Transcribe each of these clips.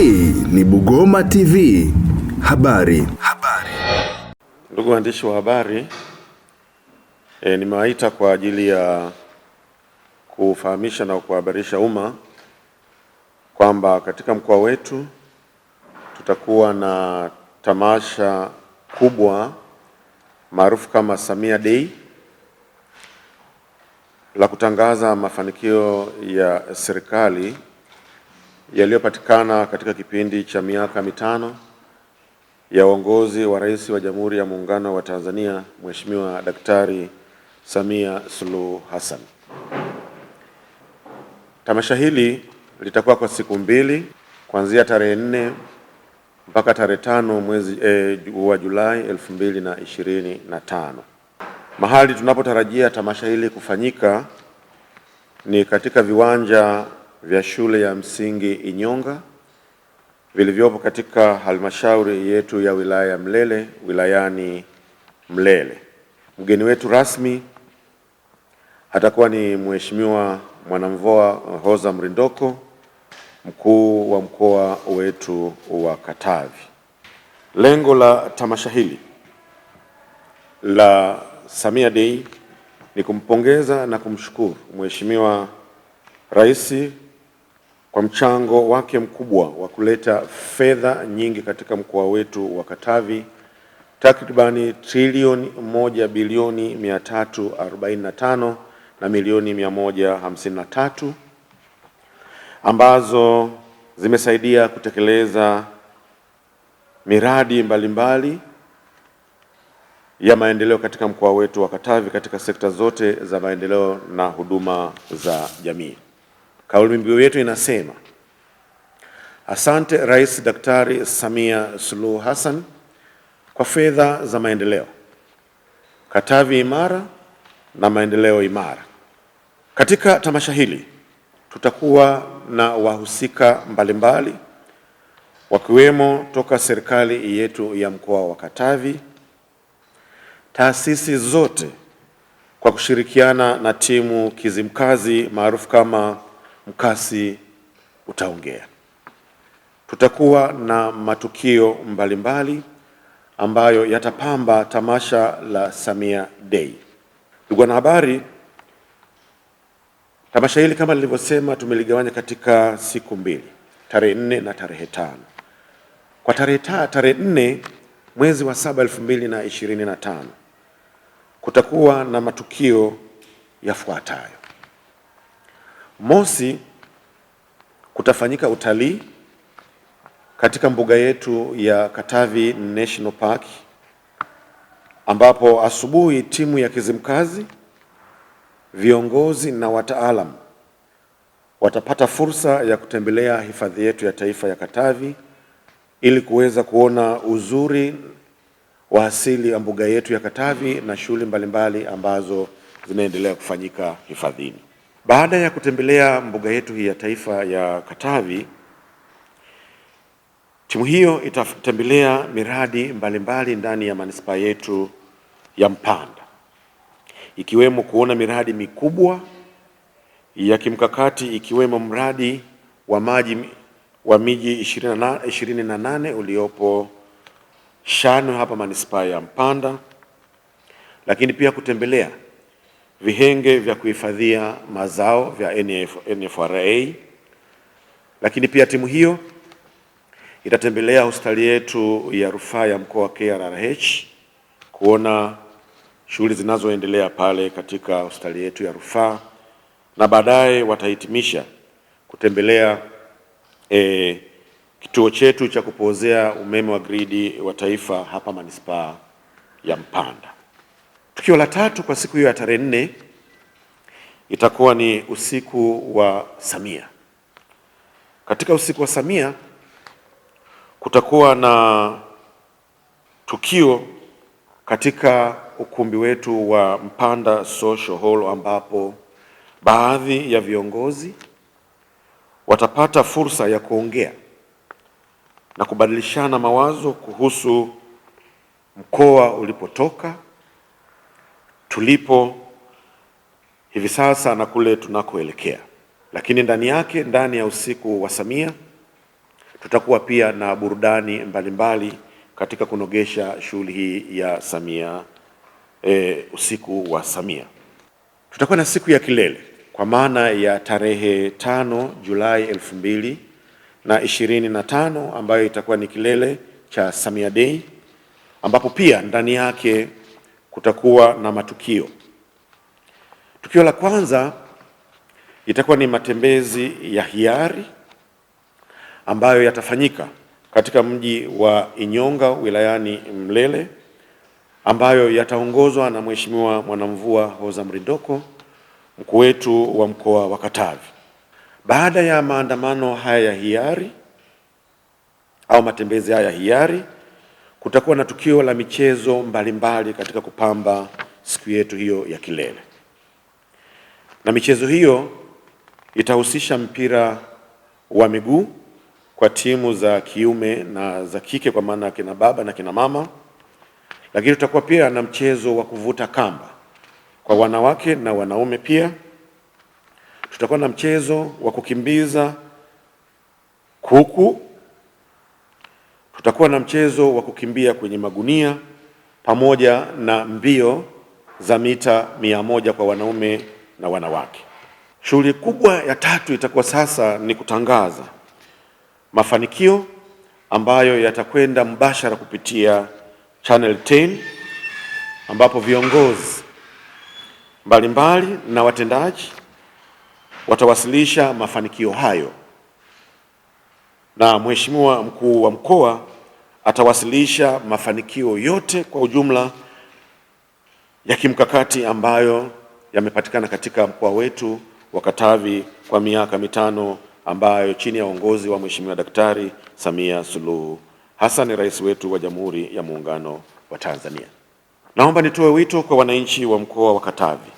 Hii ni Bugoma TV. Habari. Habari. Ndugu waandishi wa habari, e, nimewaita kwa ajili ya kufahamisha na kuhabarisha umma kwamba katika mkoa wetu tutakuwa na tamasha kubwa maarufu kama Samia Day la kutangaza mafanikio ya serikali yaliyopatikana katika kipindi cha miaka mitano ya uongozi wa Rais wa Jamhuri ya Muungano wa Tanzania Mheshimiwa Daktari Samia Suluhu Hassan. Tamasha hili litakuwa kwa siku mbili kuanzia tarehe nne mpaka tarehe tano mwezi e, wa Julai elfu mbili na ishirini na tano. Mahali tunapotarajia tamasha hili kufanyika ni katika viwanja vya shule ya msingi Inyonga vilivyopo katika halmashauri yetu ya wilaya ya Mlele wilayani Mlele. Mgeni wetu rasmi atakuwa ni Mheshimiwa Mwanamvua Hoza Mrindoko, mkuu wa mkoa wetu wa Katavi. Lengo la tamasha hili la Samia Day ni kumpongeza na kumshukuru Mheshimiwa Rais kwa mchango wake mkubwa wa kuleta fedha nyingi katika mkoa wetu wa Katavi takribani trilioni moja bilioni 345 na milioni 153 ambazo zimesaidia kutekeleza miradi mbalimbali mbali ya maendeleo katika mkoa wetu wa Katavi katika sekta zote za maendeleo na huduma za jamii. Kauli mbiu yetu inasema asante Rais Daktari Samia Suluhu Hassan kwa fedha za maendeleo, Katavi imara na maendeleo imara. Katika tamasha hili tutakuwa na wahusika mbalimbali wakiwemo toka serikali yetu ya mkoa wa Katavi, taasisi zote kwa kushirikiana na timu Kizimkazi maarufu kama mkasi utaongea. Tutakuwa na matukio mbalimbali mbali ambayo yatapamba tamasha la Samia Day. Ndugu wanahabari, tamasha hili kama nilivyosema, tumeligawanya katika siku mbili, tarehe nne na tarehe tano. Kwa tarehe ta, tarehe nne mwezi wa saba elfu mbili na ishirini na tano kutakuwa na matukio yafuatayo. Mosi, kutafanyika utalii katika mbuga yetu ya Katavi National Park ambapo asubuhi timu ya Kizimkazi, viongozi na wataalam watapata fursa ya kutembelea hifadhi yetu ya taifa ya Katavi ili kuweza kuona uzuri wa asili ya mbuga yetu ya Katavi na shughuli mbalimbali ambazo zinaendelea kufanyika hifadhini. Baada ya kutembelea mbuga yetu hii ya taifa ya Katavi, timu hiyo itatembelea miradi mbalimbali mbali ndani ya manispaa yetu ya Mpanda, ikiwemo kuona miradi mikubwa ya kimkakati ikiwemo mradi wa maji wa miji 28 uliopo Shano hapa manispaa ya Mpanda, lakini pia kutembelea vihenge vya kuhifadhia mazao vya NF, NFRA. Lakini pia timu hiyo itatembelea hospitali yetu ya rufaa ya mkoa wa KRRH kuona shughuli zinazoendelea pale katika hospitali yetu ya rufaa na baadaye watahitimisha kutembelea e, kituo chetu cha kupozea umeme wa gridi wa taifa hapa manispaa ya Mpanda. Tukio la tatu kwa siku hiyo ya tarehe nne itakuwa ni usiku wa Samia. Katika usiku wa Samia kutakuwa na tukio katika ukumbi wetu wa Mpanda Social Hall ambapo baadhi ya viongozi watapata fursa ya kuongea na kubadilishana mawazo kuhusu mkoa ulipotoka tulipo hivi sasa na kule tunakoelekea. Lakini ndani yake, ndani ya usiku wa Samia tutakuwa pia na burudani mbalimbali mbali katika kunogesha shughuli hii ya Samia e, usiku wa Samia. Tutakuwa na siku ya kilele kwa maana ya tarehe tano Julai elfu mbili na ishirini na tano ambayo itakuwa ni kilele cha Samia Day ambapo pia ndani yake kutakuwa na matukio. Tukio la kwanza itakuwa ni matembezi ya hiari ambayo yatafanyika katika mji wa Inyonga wilayani Mlele ambayo yataongozwa na Mheshimiwa Mwanamvua Hoza Mrindoko, mkuu wetu wa mkoa wa Katavi. Baada ya maandamano haya ya hiari au matembezi haya ya hiari kutakuwa na tukio la michezo mbalimbali mbali katika kupamba siku yetu hiyo ya kilele, na michezo hiyo itahusisha mpira wa miguu kwa timu za kiume na za kike, kwa maana kina baba na kina mama, lakini tutakuwa pia na mchezo wa kuvuta kamba kwa wanawake na wanaume pia. Tutakuwa na mchezo wa kukimbiza kuku Kutakuwa na mchezo wa kukimbia kwenye magunia pamoja na mbio za mita mia moja kwa wanaume na wanawake. Shughuli kubwa ya tatu itakuwa sasa ni kutangaza mafanikio ambayo yatakwenda mbashara kupitia Channel 10 ambapo viongozi mbalimbali mbali na watendaji watawasilisha mafanikio hayo, na Mheshimiwa Mkuu wa Mkoa atawasilisha mafanikio yote kwa ujumla ya kimkakati ambayo yamepatikana katika mkoa wetu wa Katavi kwa miaka mitano ambayo chini ya uongozi wa Mheshimiwa Daktari Samia Suluhu Hassan, rais wetu wa Jamhuri ya Muungano wa Tanzania. Naomba nitoe wito kwa wananchi wa mkoa wa Katavi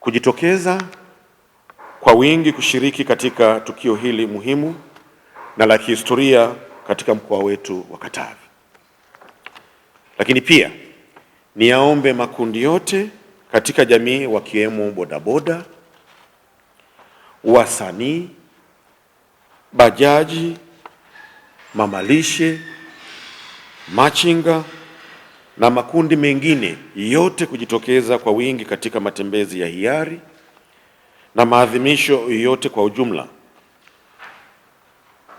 kujitokeza kwa wingi kushiriki katika tukio hili muhimu na la kihistoria katika mkoa wetu wa Katavi. Lakini pia niyaombe makundi yote katika jamii wakiwemo bodaboda, wasanii, bajaji, mamalishe, machinga na makundi mengine yote kujitokeza kwa wingi katika matembezi ya hiari na maadhimisho yote kwa ujumla.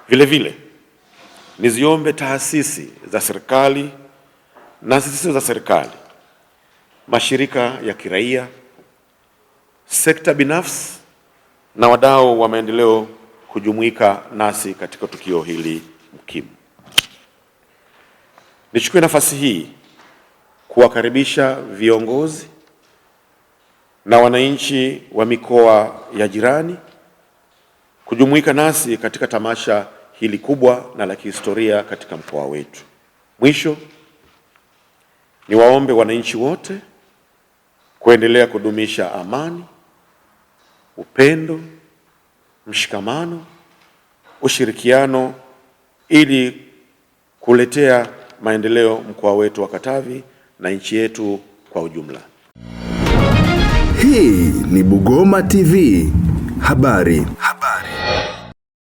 Vilevile niziombe taasisi za serikali na zisizo za serikali, mashirika ya kiraia, sekta binafsi na wadau wa maendeleo kujumuika nasi katika tukio hili muhimu. Nichukue nafasi hii kuwakaribisha viongozi na wananchi wa mikoa ya jirani kujumuika nasi katika tamasha hili kubwa na la kihistoria katika mkoa wetu. Mwisho, niwaombe wananchi wote kuendelea kudumisha amani, upendo, mshikamano, ushirikiano ili kuletea maendeleo mkoa wetu wa Katavi na nchi yetu kwa ujumla. Hii ni Bugoma TV habari.